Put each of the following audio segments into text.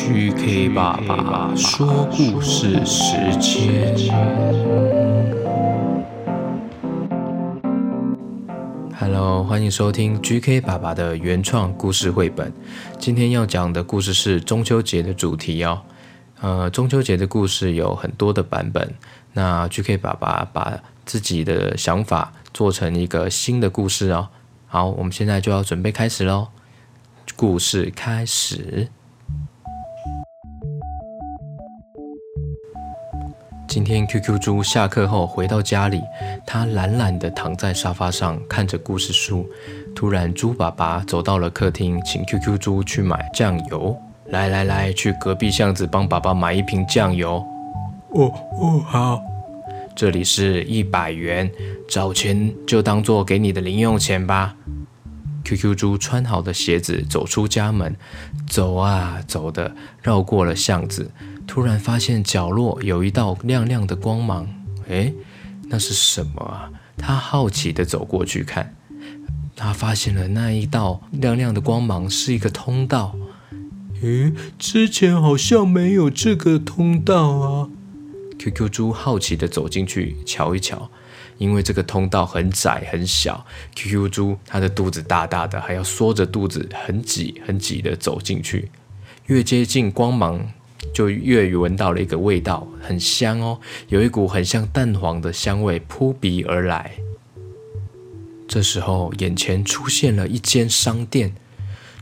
GK 爸爸說故，說故事時間。Hello，歡迎收聽 GK 爸爸的原創故事繪本。今天要講的故事是中秋節的主題哦。呃，中秋節的故事有很多的版本。那 GK 爸爸把自己的想法做成一個新的故事哦。好，我們現在就要準備開始嘍。故事開始。今天 QQ 豬下課後回到家裡，他懶懶地躺在沙發上看着故事書。突然，豬爸爸走到了客廳，請 QQ 豬去買醬油。來來來，去隔壁巷子幫爸爸買一瓶醬油。哦哦好，這裡是一百元，找錢就當做給你的零用錢吧。QQ 豬穿好的鞋子走出家門，走啊走的，繞過了巷子。突然發現角落有一道亮亮的光芒，哎、欸，那是什麼啊？他好奇的走過去看，他發現了那一道亮亮的光芒是一個通道，咦、欸，之前好像沒有這個通道啊。QQ 豬好奇的走進去瞧一瞧，因為這個通道很窄很小，QQ 豬它的肚子大大的，還要縮着肚子很擠很擠的走進去，越接近光芒。就越聞到了一個味道，很香哦，有一股很像蛋黃的香味撲鼻而來。這時候，眼前出現了一間商店，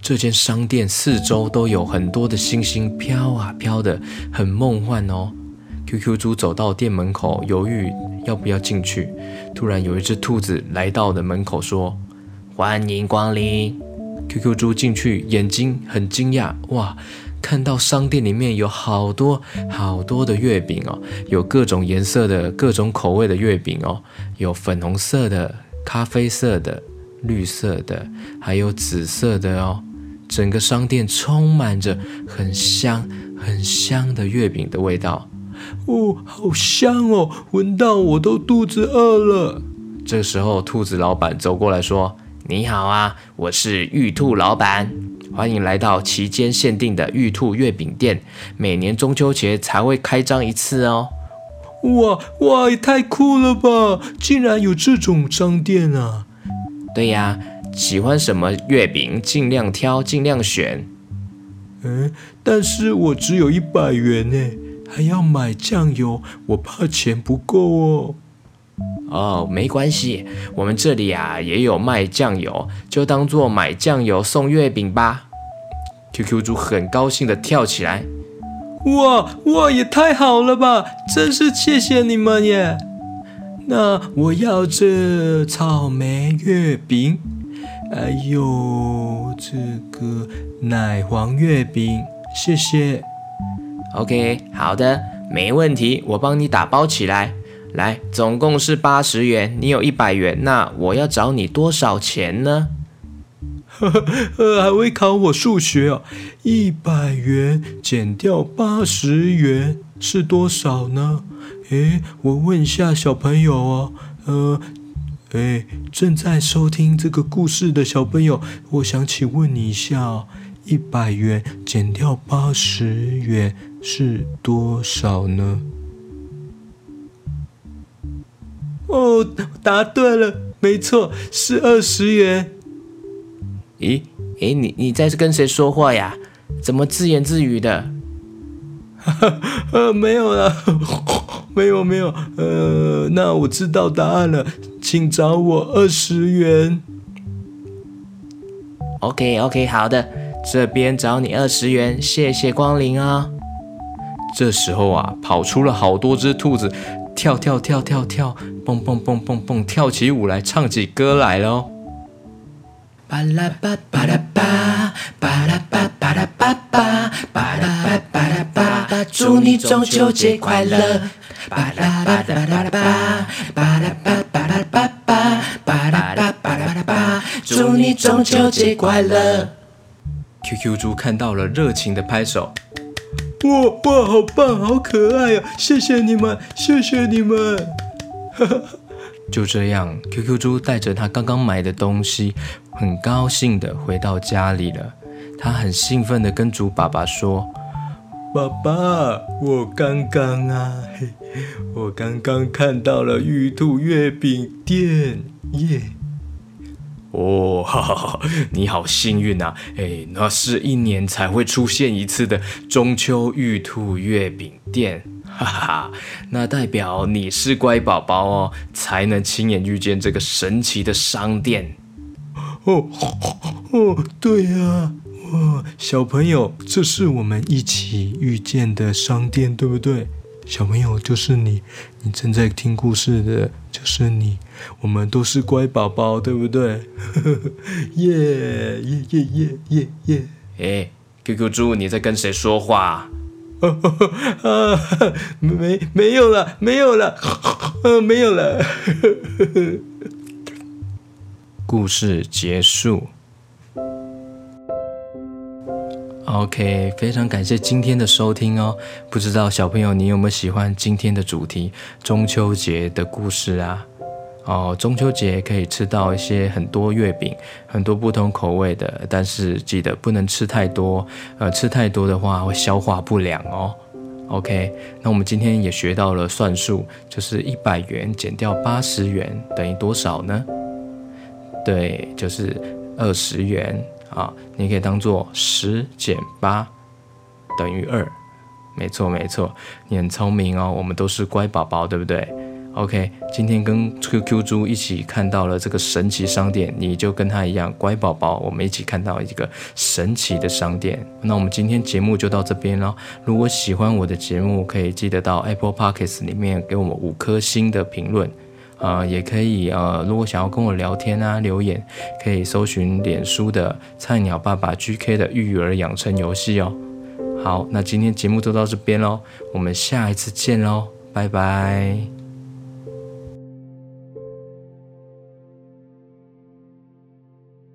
這間商店四周都有很多的星星飄啊飄的，很夢幻哦。QQ 豬走到店門口，猶豫要不要進去。突然，有一只兔子來到了門口，說：“歡迎光臨。”QQ 豬進去，眼睛很驚訝，哇！看到商店裡面有好多好多的月餅哦，有各種顏色的各種口味的月餅哦，有粉紅色的、咖啡色的、綠色的，還有紫色的哦。整個商店充滿着很香很香的月餅的味道，哦，好香哦，聞到我都肚子餓了。這時候，兔子老板走過來說：“你好啊，我是玉兔老板。”歡迎來到期間限定的玉兔月餅店，每年中秋節才會開張一次哦。哇哇，哇也太酷了吧！竟然有這種商店啊！對呀、啊，喜歡什麼月餅，盡量挑，盡量選。嗯，但是我只有一百元誒，還要買醬油，我怕錢不夠哦。哦，沒關係，我們這裡啊也有賣醬油，就當做買醬油送月餅吧。QQ 豬很高興地跳起來，哇哇，也太好了吧！真是謝謝你們耶。那我要這草莓月餅，哎呦，這個奶黃月餅，謝謝。OK，好的，沒問題，我幫你打包起來。來，總共是八十元，你有一百元，那我要找你多少錢呢？ 還會考我數學哦！一百元減掉八十元是多少呢？誒、欸、我問一下小朋友哦，呃、欸，誒正在收聽這個故事的小朋友，我想請問你一下哦，一百元減掉八十元是多少呢？哦，答對了，沒錯，是二十元。咦，哎，你你在跟誰說話呀？怎麼自言自語的？哈哈，呃，沒有了，呵呵，沒有沒有，呃，那我知道答案了，請找我二十元。OK OK，好的，這邊找你二十元，謝謝光臨啊、哦！這時候啊，跑出了好多隻兔子，跳跳跳跳跳，蹦蹦蹦蹦蹦，蹦，跳起舞來，唱起歌來嘍。巴拉巴，巴拉巴，巴拉巴，巴拉巴，巴拉巴，巴拉巴，祝你中秋節快樂！巴拉巴，巴拉巴，巴拉巴，巴拉巴，巴拉巴，巴拉巴，巴拉巴。祝你中秋節快樂！QQ 豬看到了，熱情的拍手。哇哇，好棒，好可愛呀、哦！謝謝你們，謝謝你們。哈哈。就這樣，QQ 豬帶着他剛剛買的東西，很高興地回到家裡了。他很興奮地跟豬爸爸說：“爸爸，我剛剛啊，嘿，我剛剛看到了玉兔月餅店，耶、yeah！” 哦，哈哈哈！你好幸運啊，哎、欸，那是一年才會出現一次的中秋玉兔月餅店，哈哈，那代表你是乖寶寶哦，才能親眼遇見這個神奇的商店。哦，哦，對呀、啊，哦，小朋友，這是我們一起遇見的商店，對不對？小朋友，就是你。你正在聽故事的就是你，我們都是乖寶寶，對不對？耶耶耶耶耶耶！誒，QQ 豬，你在跟誰說話？哦、 啊，沒沒有了，沒有了，沒有了。啊、有了 故事結束。OK，非常感謝今天的收聽哦。不知道小朋友你有沒有喜歡今天的主題，中秋節的故事啊？哦，中秋節可以吃到一些很多月餅，很多不同口味的，但是記得不能吃太多，呃，吃太多的話會消化不良哦。OK，那我們今天也學到了算術，就是一百元減掉八十元等於多少呢？對，就是二十元。啊，你可以當做十減八等於二，沒錯沒錯，你很聰明哦，我們都是乖寶寶，對不對？OK，今天跟 QQ 豬一起看到了這個神奇商店，你就跟他一樣乖寶寶。我們一起看到一個神奇的商店，那我們今天節目就到這邊嘍。如果喜歡我的節目，可以記得到 Apple Podcast 裡面給我們五顆星的評論。呃，也可以，呃，如果想要跟我聊天啊，留言，可以搜尋臉書的菜鳥爸爸 GK 的育兒養成遊戲哦。好，那今天節目就到這邊嘍，我們下一次見嘍，拜拜。